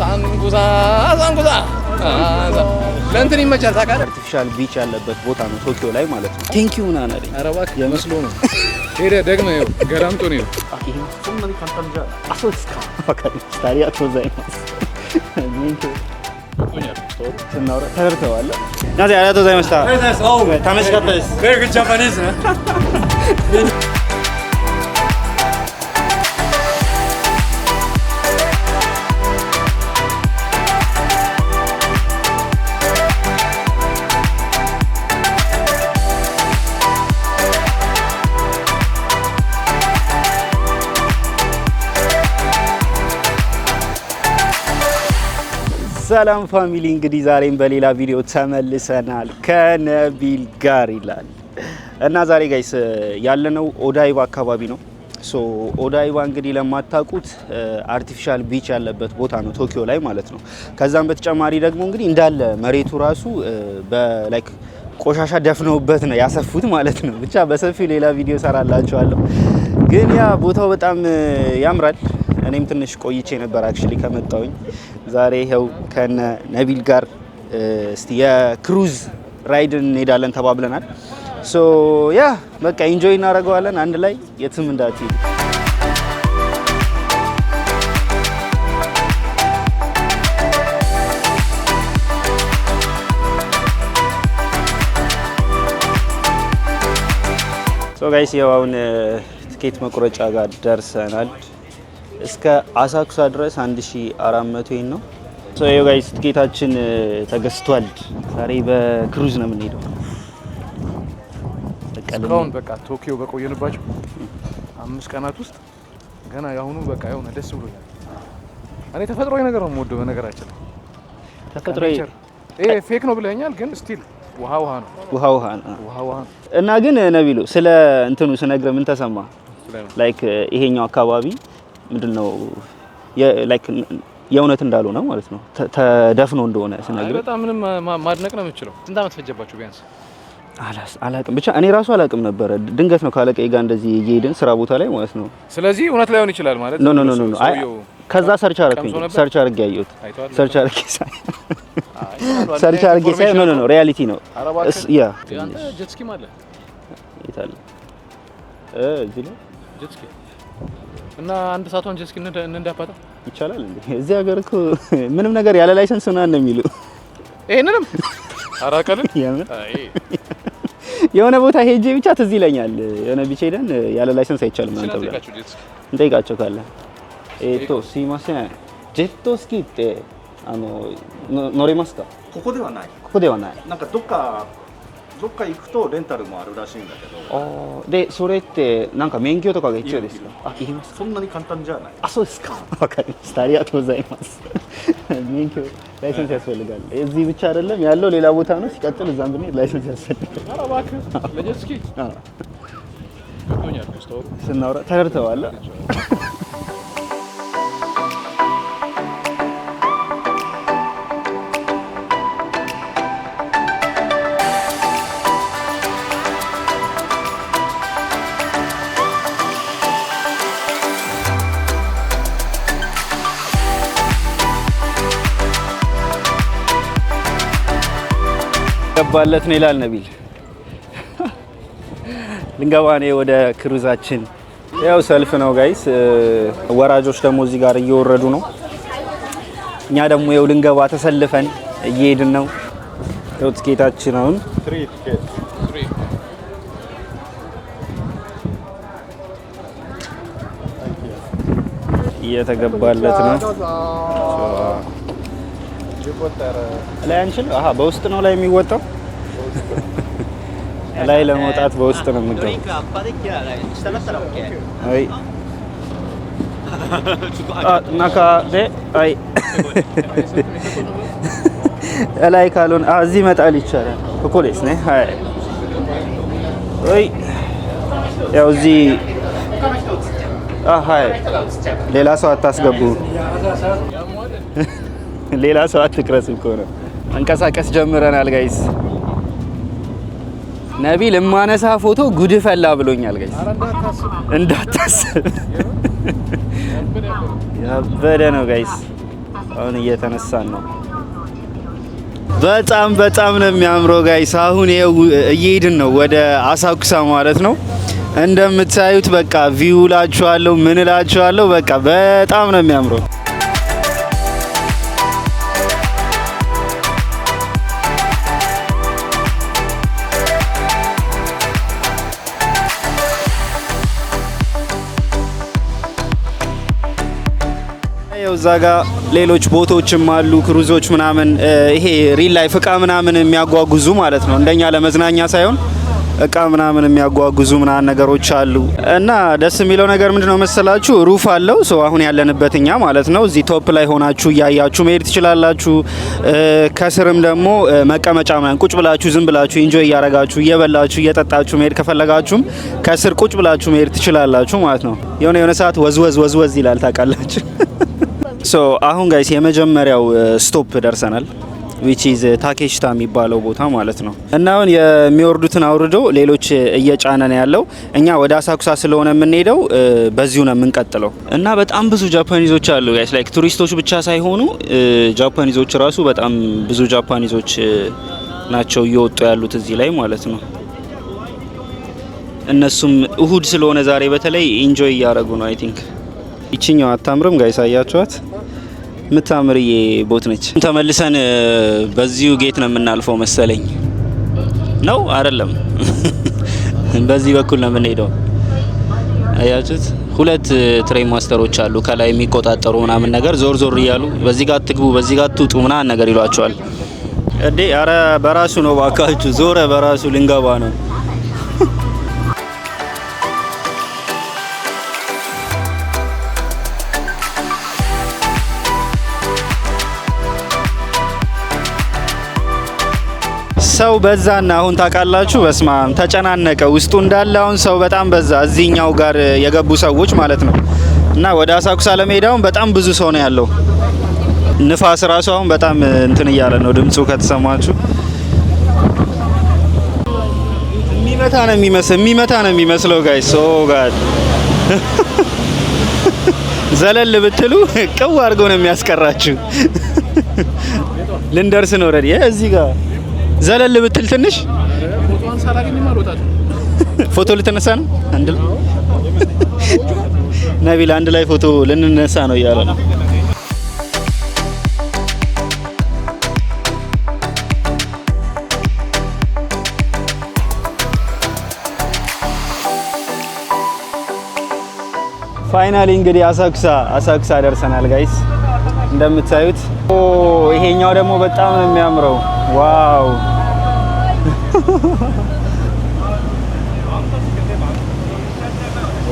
ሳንጉሳ ለእንትን ይመቻል። ታውቃለህ አርቲፊሻል ቢች ያለበት ቦታ ነው ቶኪዮ ላይ ማለት ነው። ቴንክ ዩ ምናምን አለኝ። ኧረ እባክህ ነው ይኸው ገራምጦ ነው። ተረድተዋለህ። ሰላም ፋሚሊ እንግዲህ ዛሬም በሌላ ቪዲዮ ተመልሰናል ከነቢል ጋር ይላል እና ዛሬ ጋይስ ያለነው ኦዳይባ አካባቢ ነው። ሶ ኦዳይባ እንግዲህ ለማታውቁት አርቲፊሻል ቢች ያለበት ቦታ ነው ቶኪዮ ላይ ማለት ነው። ከዛም በተጨማሪ ደግሞ እንግዲህ እንዳለ መሬቱ ራሱ በላይክ ቆሻሻ ደፍነውበት ነው ያሰፉት ማለት ነው። ብቻ በሰፊው ሌላ ቪዲዮ ሰራላችኋለሁ። ግን ያ ቦታው በጣም ያምራል። እኔም ትንሽ ቆይቼ ነበር አክቹሊ ከመጣውኝ ዛሬ ይኸው ከነ ነቢል ጋር እስቲ የክሩዝ ራይድን እንሄዳለን ተባብለናል። ሶ ያ በቃ ኢንጆይ እናደርገዋለን አንድ ላይ የትም እንዳትሄዱ። ሶ ጋይስ ያው አሁን ትኬት መቁረጫ ጋር ደርሰናል። እስከ አሳኩሳ ድረስ 1400 ይሄን ነው። ሶ ዩ ጋይስ ትኬታችን ተገዝቷል። ዛሬ በክሩዝ ነው የምንሄደው። እስካሁን በቃ ቶኪዮ በቆየንባቸው አምስት ቀናት ውስጥ ገና የአሁኑ በቃ የሆነ ደስ ብሎኛል። እኔ ተፈጥሯዊ ነገር ነው የምወደው። በነገራችን ተፈጥሯዊ ይሄ ፌክ ነው ብለኛል፣ ግን ስቲል ውሃ ውሃ ነው ውሃ ውሃ ነው ውሃ ውሃ ነው። እና ግን ነቢሉ ስለ እንትኑ ስነግረ ምን ተሰማ ላይክ ይሄኛው አካባቢ ምንድን ነው ላይክ የእውነት ነው ማለት ነው ተደፍኖ እንደሆነ ስነግር በጣም ምንም ማድነቅ ነው የምችለው። ስንት ዓመት ፈጀባችሁ ቢያንስ? አላቅም ብቻ እኔ ራሱ አላቅም ነበረ። ድንገት ነው ካለቀ ጋር እንደዚህ እየሄድን ስራ ቦታ ላይ ማለት ነው። ስለዚህ እውነት ላይሆን ይችላል ማለት ነው። ኖ ኖ ኖ አይ ከዛ ሰርች አረኩኝ። ሰርች አርግ ያየሁት ሰርች አርግ ሳይ ሰርች አርግ ሳይ ኖ ኖ ኖ ሪያሊቲ ነው። ያ ጀትስኪ ማለት ይታል አለ? እዚህ ላይ ጀትስኪ እና አንድ ሰዓት ወንጀል እስኪ እንዳፓታ ይቻላል እንዴ? እዚህ ሀገር እኮ ምንም ነገር ያለ ላይሰንስ ምናምን ነው የሚሉ። ይሄንንም አራቀልን የሆነ ቦታ ሄጄ ብቻ ትዝ ይለኛል። የሆነ ቢቻ ሄደን ያለ ላይሰንስ አይቻልም ማለት ነው። እንጠይቃቸው ካለ ኤቶ ሲማሴን ጄቶ ስኪ ኖሬማስ ካ ኮኮ ዴዋ ናይ ኮኮ ዴዋ ናይ ናንካ ዶካ どっか行くとレンタルもあるらしいんだけどああでそれってなんか免許とかが必要ですかあいりますそんなに簡単じゃないあそうですか わかりましたありがとうございます 免許ライセンス ገባለት ነው ይላል ነቢል። ልንገባ እኔ ወደ ክሩዛችን። ያው ሰልፍ ነው ጋይስ። ወራጆች ደግሞ እዚህ ጋር እየወረዱ ነው። እኛ ደግሞ ያው ልንገባ ተሰልፈን እየሄድን ነው። ያው ትኬታችን አሁን እየተገባለት ነው። ላይ አንችል። አሀ በውስጥ ነው ላይ የሚወጣው ላይ ለመውጣት በውስጥ ነው የምገባው። አይ ናካ አይ ላይ ካልሆነ እዚህ መጣል ይቻላል። ኮሌስ ነ አይ አይ ያው እዚህ ሌላ ሰው አታስገቡ። ሌላ ሰው አትቅረጽ እኮ ነው። መንቀሳቀስ ጀምረናል ጋይስ። ነቢል የማነሳ ፎቶ ጉድ ፈላ ብሎኛል ጋይስ። እንዳታስብ ያበደ ነው ጋይስ። አሁን እየተነሳን ነው። በጣም በጣም ነው የሚያምረው ጋይስ። አሁን እየሄድን ነው ወደ አሳኩሳ ማለት ነው። እንደምታዩት በቃ ቪው ላችኋለሁ፣ ምን ላችኋለሁ፣ በቃ በጣም ነው የሚያምረው። እዛ ጋር ሌሎች ቦቶችም አሉ፣ ክሩዞች ምናምን፣ ይሄ ሪል ላይፍ እቃ ምናምን የሚያጓጉዙ ማለት ነው። እንደኛ ለመዝናኛ ሳይሆን እቃ ምናምን የሚያጓጉዙ ምናምን ነገሮች አሉ እና ደስ የሚለው ነገር ምንድነው መሰላችሁ? ሩፍ አለው ሰው አሁን ያለንበት እኛ ማለት ነው። እዚህ ቶፕ ላይ ሆናችሁ እያያችሁ መሄድ ትችላላችሁ። ከስርም ደግሞ መቀመጫ ምናምን ቁጭ ብላችሁ ዝም ብላችሁ ኢንጆይ እያረጋችሁ እየበላችሁ እየጠጣችሁ መሄድ ከፈለጋችሁም ከስር ቁጭ ብላችሁ መሄድ ትችላላችሁ ማለት ነው። የሆነ የሆነ ሰዓት ወዝወዝ ወዝወዝ ይላል ታውቃላችሁ። ሶ አሁን ጋይስ የመጀመሪያው ስቶፕ uh, ደርሰናል። ዊች ኢዝ ታኬሽታ የሚባለው ቦታ ማለት ነው። እና አሁን የሚወርዱትን አውርዶ ሌሎች uh, እየጫነ ነው ያለው። እኛ ወደ አሳኩሳ ስለሆነ የምንሄደው uh, በዚሁ ነው የምንቀጥለው። እና በጣም ብዙ ጃፓኒዞች አሉ ጋይስ፣ ላይክ ቱሪስቶች ብቻ ሳይሆኑ ጃፓኒዞች ራሱ በጣም ብዙ ጃፓኒዞች ናቸው እየወጡ ያሉት እዚህ ላይ ማለት ነው። እነሱም እሁድ ስለሆነ ዛሬ በተለይ ኢንጆይ እያደረጉ ነው አይ ቲንክ ይችኛው አታምርም ጋይ ሳያችኋት ምታምርዬ ቦት ነች። ተመልሰን በዚሁ ጌት ነው የምናልፈው መሰለኝ ነው አይደለም? በዚህ በኩል ነው የምንሄደው። አያችሁት? ሁለት ትሬን ማስተሮች አሉ ከላይ የሚቆጣጠሩ ምናምን ነገር ዞር ዞር እያሉ በዚህ ጋር ትግቡ፣ በዚህ ጋር ትውጡ ምናምን ነገር ይሏቸዋል። እንዴ! አረ በራሱ ነው ባካችሁ። ዞረ በራሱ ልንገባ ነው ሰው በዛና አሁን ታውቃላችሁ፣ በስማ ተጨናነቀ ውስጡ እንዳለ አሁን ሰው በጣም በዛ። እዚህኛው ጋር የገቡ ሰዎች ማለት ነው እና ወደ አሳኩሳ ለመሄድ አሁን በጣም ብዙ ሰው ነው ያለው። ንፋስ ራሱ አሁን በጣም እንትን እያለ ነው። ድምፁ ከተሰማችሁ የሚመታ ነው የሚመስል የሚመታ ነው የሚመስለው ጋይ ሶ ጋድ ዘለል ብትሉ ቅው አድርጎ ነው የሚያስቀራችሁ። ልንደርስ ነው ረዲ እዚህ ጋር ዘለል ብትል ትንሽ ፎቶ ልትነሳ ነው። አንድ ነቢል አንድ ላይ ፎቶ ልንነሳ ነው እያለ ነው። ፋይናሊ እንግዲህ አሳኩሳ አሳኩሳ ደርሰናል ጋይስ እንደምታዩት። ኦ ይሄኛው ደግሞ በጣም ነው የሚያምረው። ዋው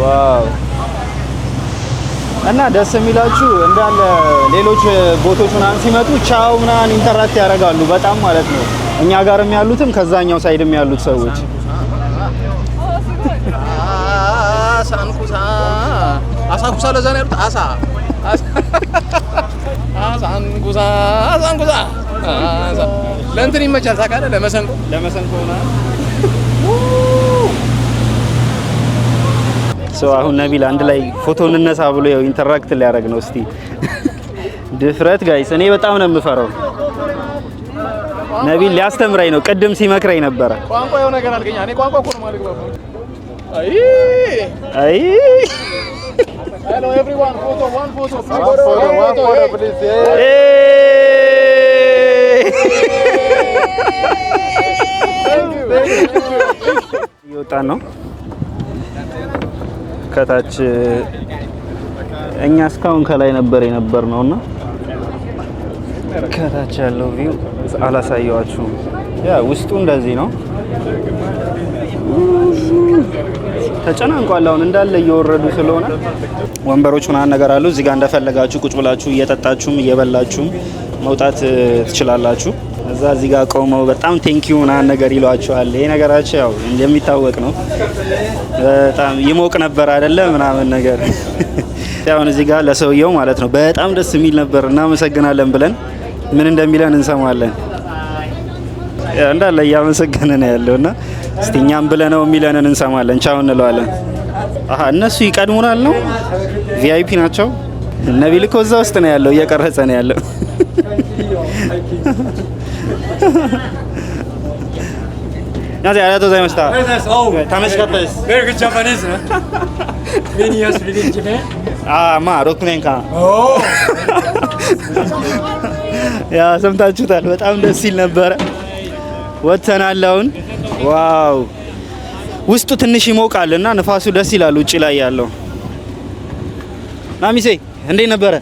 ዋው እና ደስ የሚላችሁ እንዳለ ሌሎች ቦቶች ምናምን ሲመጡ ቻው ምናምን ኢንተራክት ያደርጋሉ በጣም ማለት ነው። እኛ ጋርም ያሉትም ከዛኛው ሳይድም ያሉት ሰዎች አሳንኩሳ አሳኩሳ ለዛ ነው ያሉት አሳ ዛንጉዛ ዛንጉዛ ለእንትን ይመቻል ታውቃለህ፣ ለመሰንቆ ለመሰንቆ አሁን ነቢል አንድ ላይ ፎቶ እንነሳ ብሎ ያው ኢንተራክት ሊያደርግ ነው። እስቲ ድፍረት ጋይስ፣ እኔ በጣም ነው የምፈራው። ነቢል ሊያስተምረኝ ነው። ቅድም ሲመክረኝ ነበረ። ቋንቋ የሆነ ነገር አልገኛ እኔ ቋንቋ እኮ ነው የማልግባው። አይ አይ እየወጣን eh? eh? ነው ከታች eh, እኛ እስካሁን ከላይ ነበር የነበር ነውና ከታች ያለው ቪው አላሳየዋችሁም። ያ ውስጡ እንደዚህ ነው። ተጨናንቋል። አሁን እንዳለ እየወረዱ ስለሆነ ወንበሮች ምናምን ነገር አሉ። እዚህ ጋር እንደፈለጋችሁ ቁጭ ብላችሁ እየጠጣችሁም እየበላችሁም መውጣት ትችላላችሁ። እዛ እዚህ ጋር ቆመው በጣም ቴንኪዩ ምናምን ነገር ይሏቸዋል። ይሄ ነገራቸው ያው እንደሚታወቅ ነው። በጣም ይሞቅ ነበር አይደለ ምናምን ነገር አሁን እዚህ ጋር ለሰውየው ማለት ነው በጣም ደስ የሚል ነበር፣ እናመሰግናለን ብለን ምን እንደሚለን እንሰማለን። እንዳለ እያመሰገነ ነው ያለውና እስቲ እኛም ብለ ነው የሚለንን እንሰማለን፣ ቻው እንለዋለን። አሀ እነሱ ይቀድሙናል ነው ቪአይፒ ናቸው። ነቢል እኮ እዛ ውስጥ ነው ያለው፣ እየቀረጸ ነው ያለው። ናዚ አላቶ ዘይመስታ ቬሪ ጃፓኒዝ ያስ ያ ሰምታችሁታል። በጣም ደስ ይል ነበረ። ወጥተናል አሁን ዋው! ውስጡ ትንሽ ይሞቃል እና ንፋሱ ደስ ይላል። ውጭ ላይ ያለው ናሚሴ እንዴት ነበረ?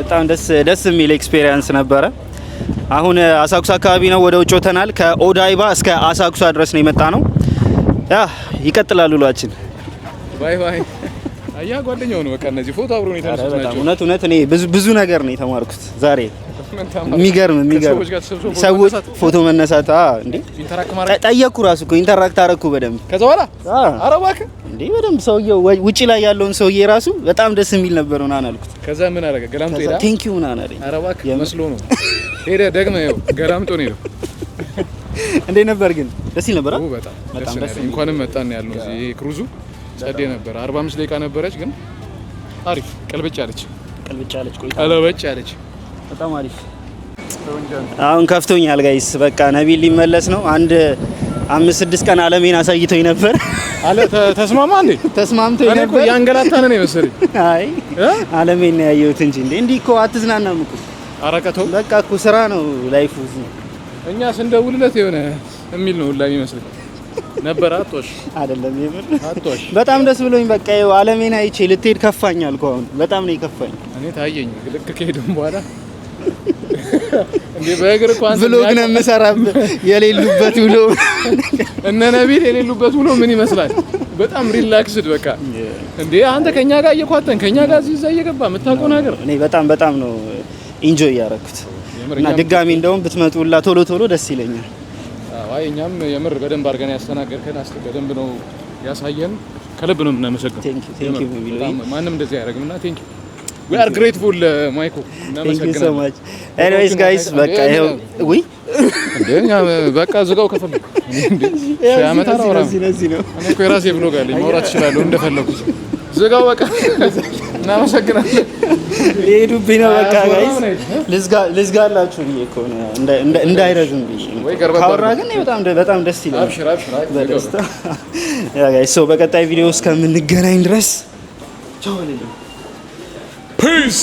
በጣም ደስ ደስ የሚል ኤክስፔሪየንስ ነበረ። አሁን አሳኩሳ አካባቢ ነው፣ ወደ ውጭ ወተናል። ከኦዳይባ እስከ አሳኩሳ ድረስ ነው የመጣ ነው። ያ ይቀጥላል ውሏችን። ባይ ባይ። አያ ጓደኛው ነው በቃ እነዚህ ፎቶ አብሮ ነው የተነሱት ናቸው። እውነት እውነት እኔ ብዙ ነገር ነው የተማርኩት ዛሬ የሚገርም የሚገርም ሰዎች ፎቶ መነሳት እንዴ ጠየቅኩ። ራሱ እኮ ኢንተራክት አረግኩ በደንብ ከዛ በኋላ ኧረ እባክህ እንዴ በደንብ ሰውዬው ውጪ ላይ ያለውን ሰውዬ ራሱ በጣም ደስ የሚል ነበር ምናምን አልኩት። ከዛ ምን አደረገ? ገላምጦ ሄዳ ቴንክ ዩ ምናምን አለኝ። ኧረ እባክህ መስሎ ነው ሄደ። ደግመህ ይኸው ገላምጦ ነው ሄደው። እንዴት ነበር ግን? ደስ ይል ነበር። በጣም በጣም ደስ ይል። እንኳንም መጣን ያለው እዚህ ይሄ ክሩዙ ጸዴ ነበር። 45 ደቂቃ ነበረች ግን አሪፍ ቀልበጭ አለች። ቀልበጭ አለች። ቆይ ቀልበጭ አለች። በጣም አሪፍ። አሁን ከፍቶኛል ጋይስ፣ በቃ ነቢል ሊመለስ ነው። አንድ አምስት ስድስት ቀን አለሜን አሳይቶኝ ነበር። አለ ተስማማ እንዴ? ተስማምቶ ነበር። ያንገላታን ነው የመሰለኝ። አይ አለሜን ነው ያየሁት እንጂ እንዴ! እንዲህ እኮ አትዝናናም እኮ አረቀተው። በቃ እኮ ስራ ነው ላይፉ። እኛ ስንደውልለት የሆነ የሚል ነው ሁላ የሚመስለኝ ነበር። አጥቶሽ አይደለም የምር አጥቶሽ። በጣም ደስ ብሎኝ በቃ ይኸው አለሜን አይቼ ልትሄድ ከፋኝ አልኩ። አሁን በጣም ነው የከፋኝ እኔ ታየኝ ልክ ከሄደም በኋላ ብሎግ ነው የምሰራበት የሌሉበት ውሎ እነ ነቢል የሌሉበት ውሎ ምን ይመስላል? በጣም ሪላክስድ በቃ እንዴ አንተ ከኛ ጋር እየኳተን ከኛ ጋር እዚህ እየገባ የምታውቀው ነገር እኔ በጣም በጣም ነው ኢንጆይ ያደረኩት እና ድጋሚ እንደውም ብትመጡ ቶሎ ቶሎ ደስ ይለኛል። አይ እኛም የምር በደንብ አድርገን ያስተናገድከን በደንብ ነው ያሳየን። ከልብ ነው የምናመሰግነው። ማንም እንደዚህ አያደርግም ቴንክ ዩ ዊ አር ግሬትፉል ማይኮ እናመሰግናለን። ኤኒዌይስ ጋይስ በቃ ይሄው ወይ እንደኛ በቃ ዝጋው ከፈለኩ የራሴ ብሎግ አለኝ ማውራት እችላለሁ እንደፈለኩ ዝጋው በቃ እናመሰግናለን ሊሄዱብኝ ነው በቃ ጋይስ ልዝጋ ልዝጋላችሁ ብዬ እኮ ነው እንዳይረዝም ብዬ ካወራ ግን በጣም በጣም ደስ ይላል በደስታ ያ ጋይስ ሶ በቀጣይ ቪዲዮ እስከምንገናኝ ድረስ ቻው ፒስ